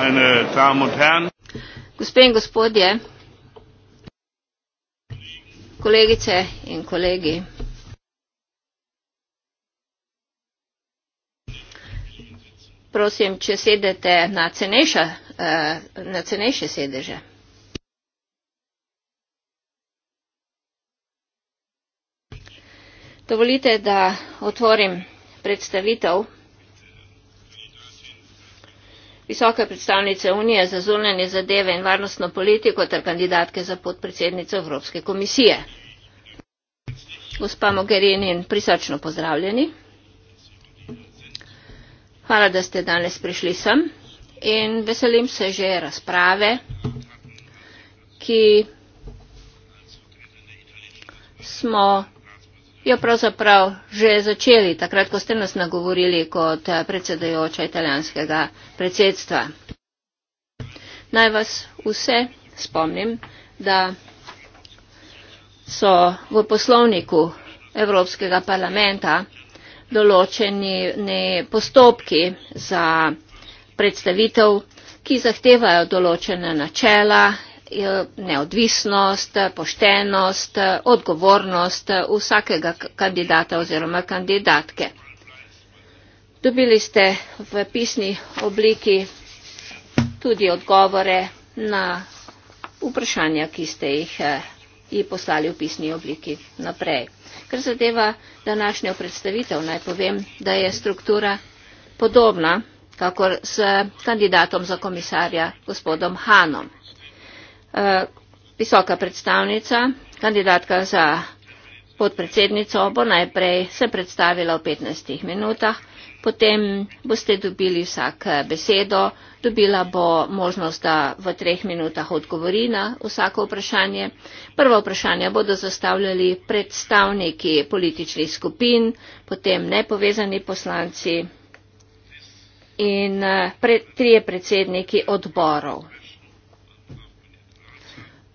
Meine Damen und Herren. Gospe in gospodje, kolegice in kolegi, prosim, če sedete na, cenejša, eh, na cenejše sedeže. Dovolite, da otvorim predstavitev visoka predstavnica unije za zunanje zadeve in varnostno politiko ter kandidatke za podpredsednico Evropske komisije. Gospa Mogherini, prisrčno pozdravljeni. Hvala, da ste danes prišli sem in veselim se že razprave, ki smo Ja, pravzaprav že začeli, takrat, ko ste nas nagovorili kot eh, predsedajoča italijanskega predsedstva. Naj vas vse spomnim, da so v poslovniku Evropskega parlamenta določeni postopki za predstavitev, ki zahtevajo določene načela, neodvisnost, poštenost, odgovornost vsakega kandidata oziroma kandidatke. Dobili ste v pisni obliki tudi odgovore na vprašanja, ki ste jih ji poslali v pisni obliki naprej. Kar zadeva današnjo predstavitev, naj povem, da je struktura podobna kakor s kandidatom za komisarja gospodom Hanom. Eh, visoka predstavnica, kandidatka za podpredsednico, bo najprej se predstavila v 15 minutah, potem boste dobili vsak eh, besedo, dobila bo možnost, da v treh minutah odgovori na vsako vprašanje. Prvo vprašanje bodo zastavljali predstavniki političnih skupin, potem nepovezani poslanci in eh, pre, trije predsedniki odborov.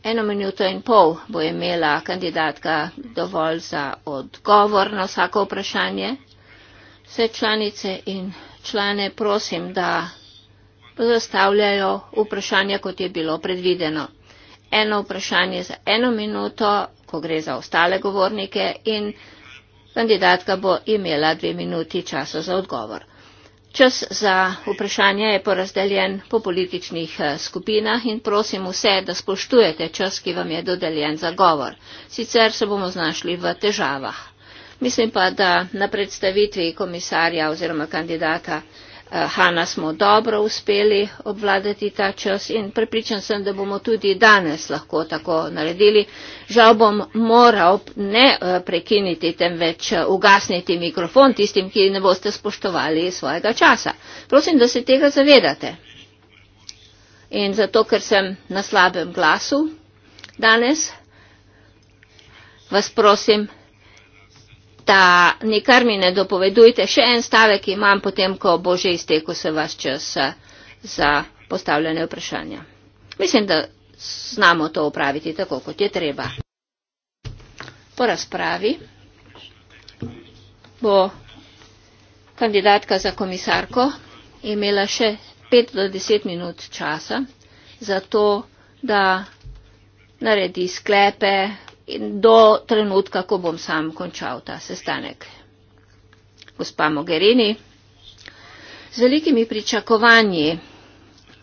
Eno minuto in pol bo imela kandidatka dovolj za odgovor na vsako vprašanje. Vse članice in člane prosim, da zastavljajo vprašanja, kot je bilo predvideno. Eno vprašanje za eno minuto, ko gre za ostale govornike in kandidatka bo imela dve minuti časa za odgovor. Čas za vprašanje je porazdeljen po političnih eh, skupinah in prosim vse, da spoštujete čas, ki vam je dodeljen za govor. Sicer se bomo znašli v težavah. Mislim pa, da na predstavitvi komisarja oziroma kandidata Eh, Hana smo dobro uspeli obvladati ta čas in prepričan sem, da bomo tudi danes lahko tako naredili. Žal bom moral ne eh, prekiniti, temveč eh, ugasniti mikrofon tistim, ki ne boste spoštovali svojega časa. Prosim, da se tega zavedate. In zato, ker sem na slabem glasu danes, vas prosim, da nikar mi ne dopovedujte še en stavek, ki imam potem, ko bo že iztekel se vaš čas eh, za postavljanje vprašanja. Mislim, da znamo to upraviti tako, kot je treba. Po razpravi bo kandidatka za komisarko imela še 5 do 10 minut časa za to, da naredi sklepe, do trenutka, ko bom sam končal ta sestanek. Gospa Mogherini, z velikimi pričakovanji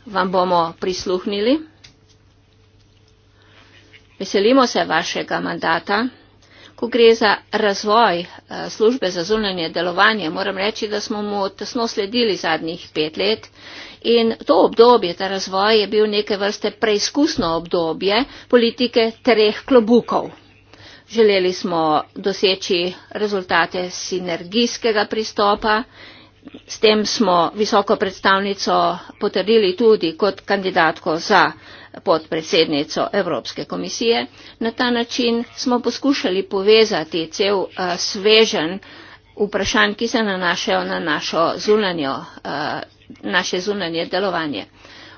vam bomo prisluhnili. Veselimo se vašega mandata. Ko gre za razvoj eh, službe za zunanje delovanje, moram reči, da smo mu tesno sledili zadnjih pet let in to obdobje, ta razvoj je bil neke vrste preizkusno obdobje politike treh klobukov. Želeli smo doseči rezultate sinergijskega pristopa s tem smo visoko predstavnico potrdili tudi kot kandidatko za podpredsednico Evropske komisije. Na ta način smo poskušali povezati cel eh, svežen vprašanj, ki se nanašajo na našo zunanjo, eh, naše zunanje delovanje.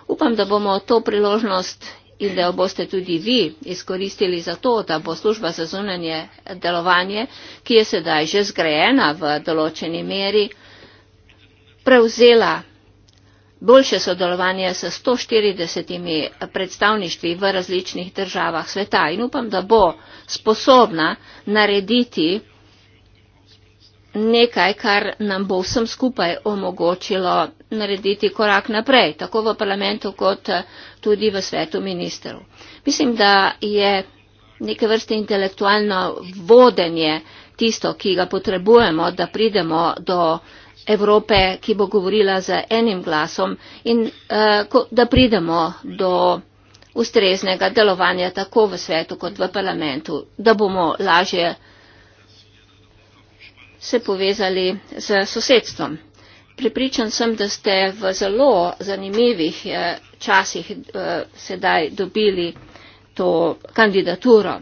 Upam, da bomo to priložnost in da jo boste tudi vi izkoristili za to, da bo služba za zunanje delovanje, ki je sedaj že zgrajena v določeni meri, prevzela boljše sodelovanje s 140 predstavništvi v različnih državah sveta in upam, da bo sposobna narediti nekaj, kar nam bo vsem skupaj omogočilo narediti korak naprej, tako v parlamentu kot tudi v svetu ministrov. Mislim, da je neke vrste intelektualno vodenje tisto, ki ga potrebujemo, da pridemo do Evrope, ki bo govorila z enim glasom in eh, da pridemo do ustreznega delovanja tako v svetu kot v parlamentu, da bomo lažje se povezali z sosedstvom. Pripričan sem, da ste v zelo zanimivih eh, časih eh, sedaj dobili to kandidaturo,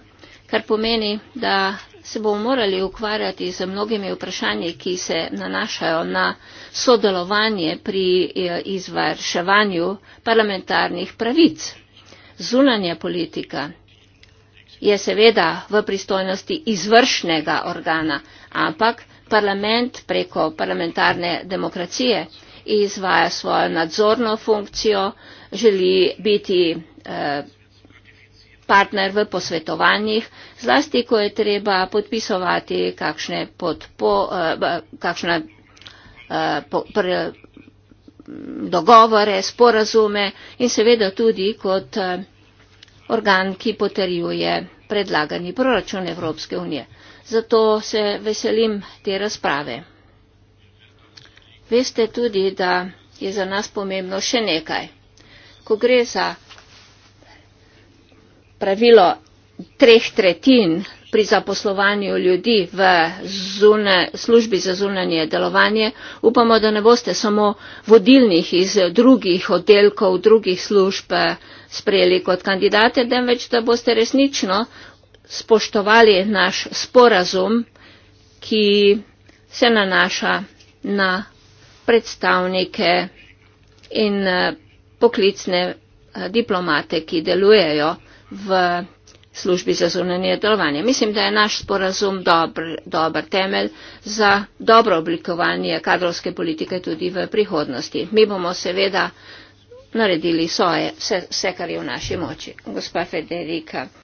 kar pomeni, da se bomo morali ukvarjati z mnogimi vprašanji, ki se nanašajo na sodelovanje pri eh, izvrševanju parlamentarnih pravic. Zunanja politika je seveda v pristojnosti izvršnega organa, ampak parlament preko parlamentarne demokracije izvaja svojo nadzorno funkcijo, želi biti eh, partner v posvetovanjih, zlasti ko je treba podpisovati kakšne podpo, eh, kakšne eh, dogovore, sporazume in seveda tudi kot eh, organ, ki potrjuje predlagani proračun Evropske unije. Zato se veselim te razprave. Veste tudi, da je za nas pomembno še nekaj. Ko gre za pravilo treh tretjin pri zaposlovanju ljudi v zune, službi za zunanje delovanje, upamo, da ne boste samo vodilnih iz drugih oddelkov, drugih služb eh, sprejeli kot kandidate, temveč da boste resnično spoštovali naš sporazum, ki se nanaša na predstavnike in eh, poklicne eh, diplomate, ki delujejo v službi za zunanje delovanje. Mislim, da je naš sporazum dober, dober temelj za dobro oblikovanje kadrovske politike tudi v prihodnosti. Mi bomo seveda naredili svoje, vse, vse kar je v naši moči. Gospa Federika.